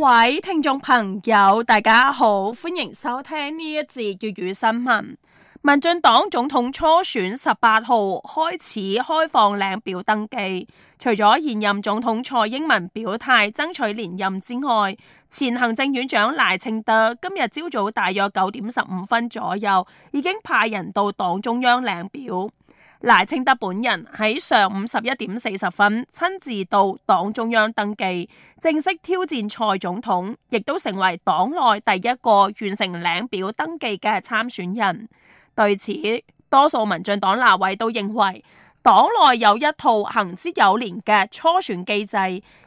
各位聽眾朋友，大家好，歡迎收聽呢一節粵語新聞。民進黨總統初選十八號開始開放領表登記，除咗現任總統蔡英文表態爭取連任之外，前行政院長賴清德今日朝早大約九點十五分左右，已經派人到黨中央領表。賴清德本人喺上午十一點四十分親自到黨中央登記，正式挑戰蔡總統，亦都成為黨內第一個完成領表登記嘅參選人。對此，多數民進黨立委都認為，黨內有一套行之有年嘅初選機制，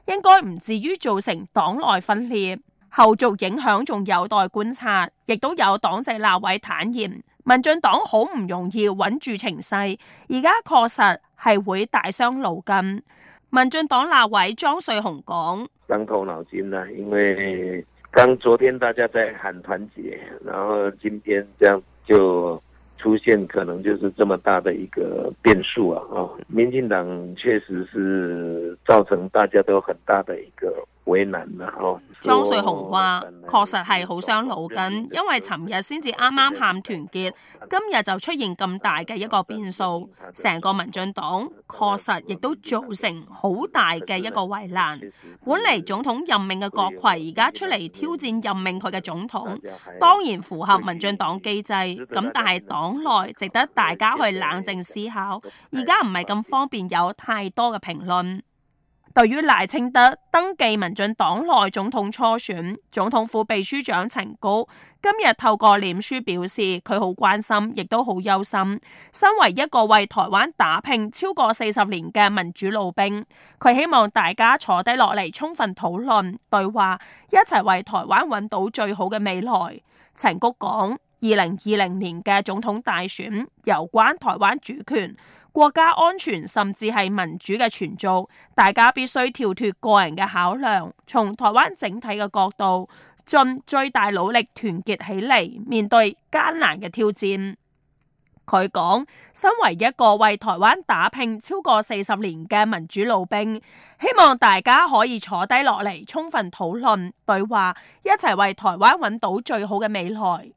應該唔至於造成黨內分裂。後續影響仲有待觀察，亦都有黨籍立委坦言。民進黨好唔容易穩住情勢，而家確實係會大傷腦筋。民進黨立委莊瑞雄講：傷頭腦筋啦、啊，因為剛昨天大家在喊團結，然後今天這樣就出現可能就是這麼大的一個變數啊！啊，民進黨確實是造成大家都很大的一個，為難啊！莊瑞雄話：確實係好傷腦筋，因為尋日先至啱啱喊團結，今日就出現咁大嘅一個變數，成個民進黨確實亦都造成好大嘅一個為難。本嚟總統任命嘅閣揆而家出嚟挑戰任命佢嘅總統，當然符合民進黨機制。咁但係黨內值得大家去冷靜思考。而家唔係咁方便有太多嘅評論。對於賴清德登記民進黨內總統初選，總統府秘書長陳菊今日透過臉書表示，佢好關心，亦都好憂心。身為一個為台灣打拼超過四十年嘅民主老兵，佢希望大家坐低落嚟，充分討論對話，一齊為台灣揾到最好嘅未來。陳菊講。二零二零年嘅總統大選，有關台灣主權、國家安全，甚至係民主嘅存續，大家必須跳脱個人嘅考量，從台灣整體嘅角度，盡最大努力團結起嚟，面對艱難嘅挑戰。佢講，身為一個為台灣打拼超過四十年嘅民主老兵，希望大家可以坐低落嚟，充分討論對話，一齊為台灣揾到最好嘅未來。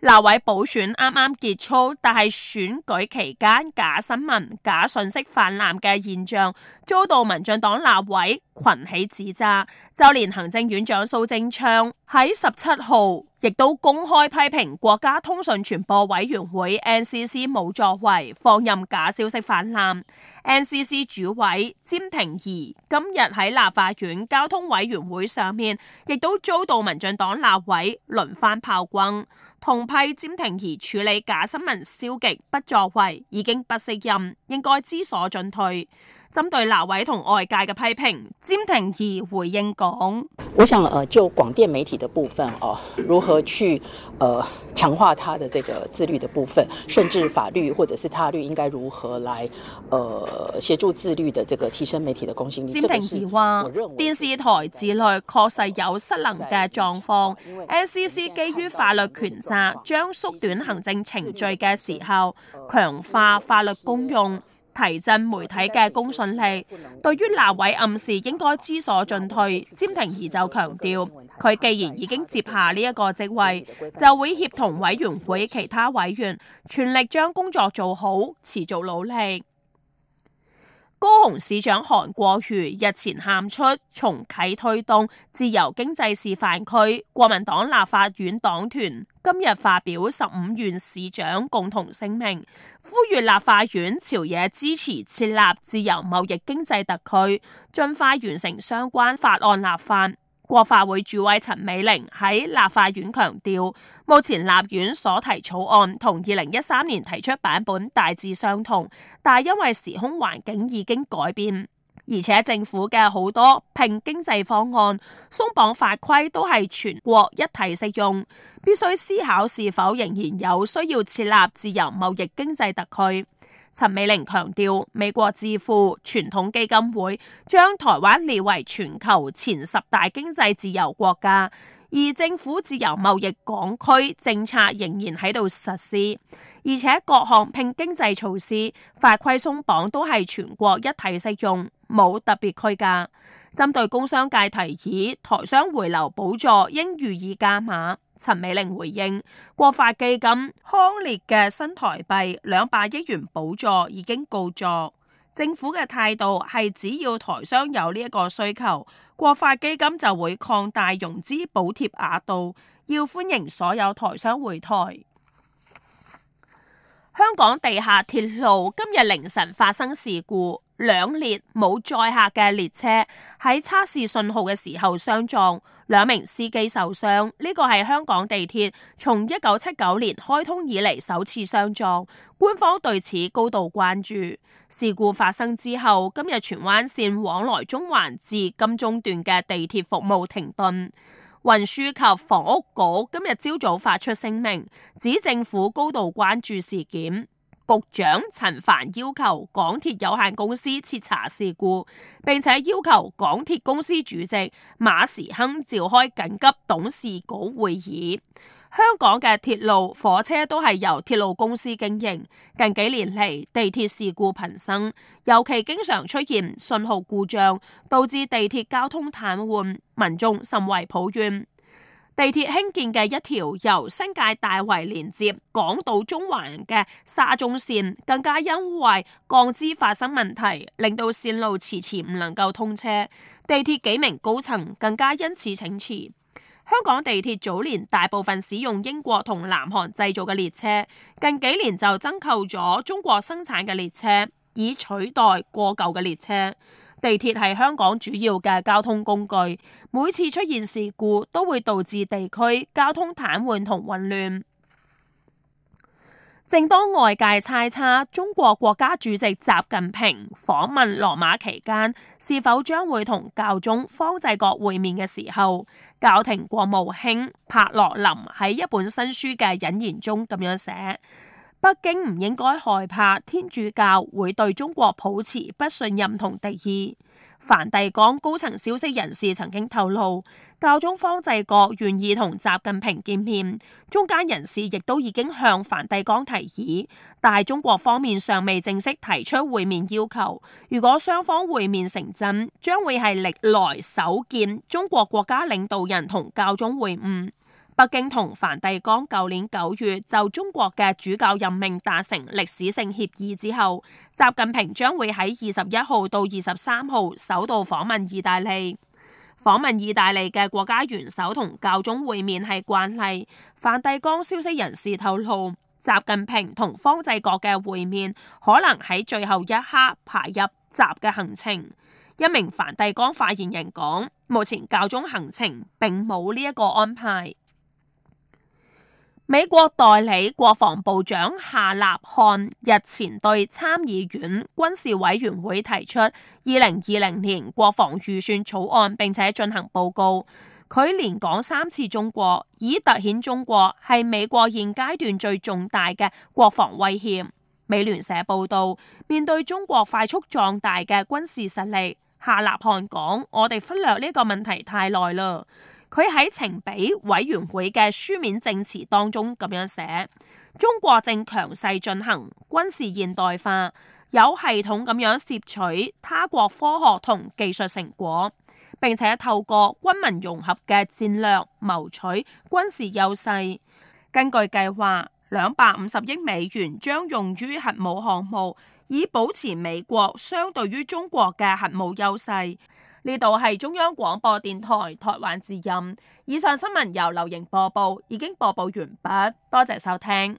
立委補選啱啱結束，但係選舉期間假新聞、假信息泛濫嘅現象遭到民進黨立委。群起自責，就連行政院長蘇貞昌喺十七號亦都公開批評國家通訊傳播委員會 NCC 冇作為，放任假消息泛濫。NCC 主委詹婷儀今日喺立法院交通委員會上面，亦都遭到民進黨立委輪番炮轟，同批詹婷儀處理假新聞消極不作為，已經不適任，應該知所進退。針對立委同外界嘅批評，詹婷怡回應講：我想，就廣電媒體嘅部分，哦，如何去，誒、呃，強化佢嘅這個自律嘅部分，甚至法律或者是他律應該如何來，誒、呃，協助自律的這個提升媒體的公信力。詹婷怡話：電視台自律確實有失能嘅狀況，NCC 基於法律權責，將縮短行政程序嘅時候，強化法律公用。呃提振媒體嘅公信力，對於立委暗示應該知所進退，詹婷儀就強調，佢既然已經接下呢一個職位，就會協同委員會其他委員，全力將工作做好，持續努力。高雄市長韓國瑜日前喊出重啟推動自由經濟示範區，國民黨立法院黨團今日發表十五縣市長共同聲明，呼籲立法院朝野支持設立自由貿易經濟特區，盡快完成相關法案立法。國發會主委陳美伶喺立法院強調，目前立院所提草案同二零一三年提出版本大致相同，但係因為時空環境已經改變，而且政府嘅好多拼經濟方案、鬆綁法規都係全國一體適用，必須思考是否仍然有需要設立自由貿易經濟特區。陳美玲強調，美國自庫傳統基金會將台灣列為全球前十大經濟自由國家，而政府自由貿易港區政策仍然喺度實施，而且各項拼經濟措施法規鬆綁都係全國一體適用，冇特別區噶。針對工商界提議台商回流補助應予以加碼，陳美伶回應：國發基金匡列嘅新台幣兩百億元補助已經告罄，政府嘅態度係只要台商有呢一個需求，國發基金就會擴大融資補貼額度，要歡迎所有台商回台。香港地下鐵路今日凌晨發生事故，兩列冇載客嘅列車喺測試信號嘅時候相撞，兩名司機受傷。呢個係香港地鐵從一九七九年開通以嚟首次相撞，官方對此高度關注。事故發生之後，今日荃灣線往來中環至金鐘段嘅地鐵服務停頓。運輸及房屋局今日朝早發出聲明，指政府高度關注事件，局長陳凡要求港鐵有限公司徹查事故，並且要求港鐵公司主席馬時亨召開緊急董事局會議。香港嘅鐵路火車都係由鐵路公司經營。近幾年嚟，地鐵事故頻生，尤其經常出現信號故障，導致地鐵交通癱瘓，民眾甚為抱怨。地鐵興建嘅一條由新界大圍連接港島中環嘅沙中線，更加因為降資，發生問題，令到線路遲遲唔能夠通車。地鐵幾名高層更加因此請辭。香港地鐵早年大部分使用英國同南韓製造嘅列車，近幾年就增購咗中國生產嘅列車，以取代過舊嘅列車。地鐵係香港主要嘅交通工具，每次出現事故都會導致地區交通癱瘓同混亂。正當外界猜測中國國家主席習近平訪問羅馬期間是否將會同教宗方濟各會面嘅時候，教廷國務卿帕洛林喺一本新書嘅引言中咁樣寫。北京唔應該害怕天主教會對中國抱持不信任同敵意。梵蒂岡高層消息人士曾經透露，教宗方濟各願意同習近平見面，中間人士亦都已經向梵蒂岡提議，但係中國方面尚未正式提出會面要求。如果雙方會面成真，將會係歷來首見中國國家領導人同教宗會晤。北京同梵蒂岡舊年九月就中國嘅主教任命達成歷史性協議之後，習近平將會喺二十一號到二十三號首度訪問意大利。訪問意大利嘅國家元首同教宗會面係慣例。梵蒂岡消息人士透露，習近平同方濟各嘅會面可能喺最後一刻排入習嘅行程。一名梵蒂岡發言人講，目前教宗行程並冇呢一個安排。美國代理國防部長夏納漢日前對參議院軍事委員會提出二零二零年國防預算草案，並且進行報告。佢連講三次中國，已凸顯中國係美國現階段最重大嘅國防威脅。美聯社報道，面對中國快速壯大嘅軍事實力，夏納漢講：我哋忽略呢個問題太耐啦。佢喺呈比委員會嘅書面證詞當中咁樣寫：中國正強勢進行軍事現代化，有系統咁樣攝取他國科學同技術成果，並且透過軍民融合嘅戰略謀取軍事優勢。根據計劃，兩百五十億美元將用於核武項目，以保持美國相對於中國嘅核武優勢。呢度係中央廣播電台台灣之音。以上新聞由流瑩播報，已經播報完畢，多謝收聽。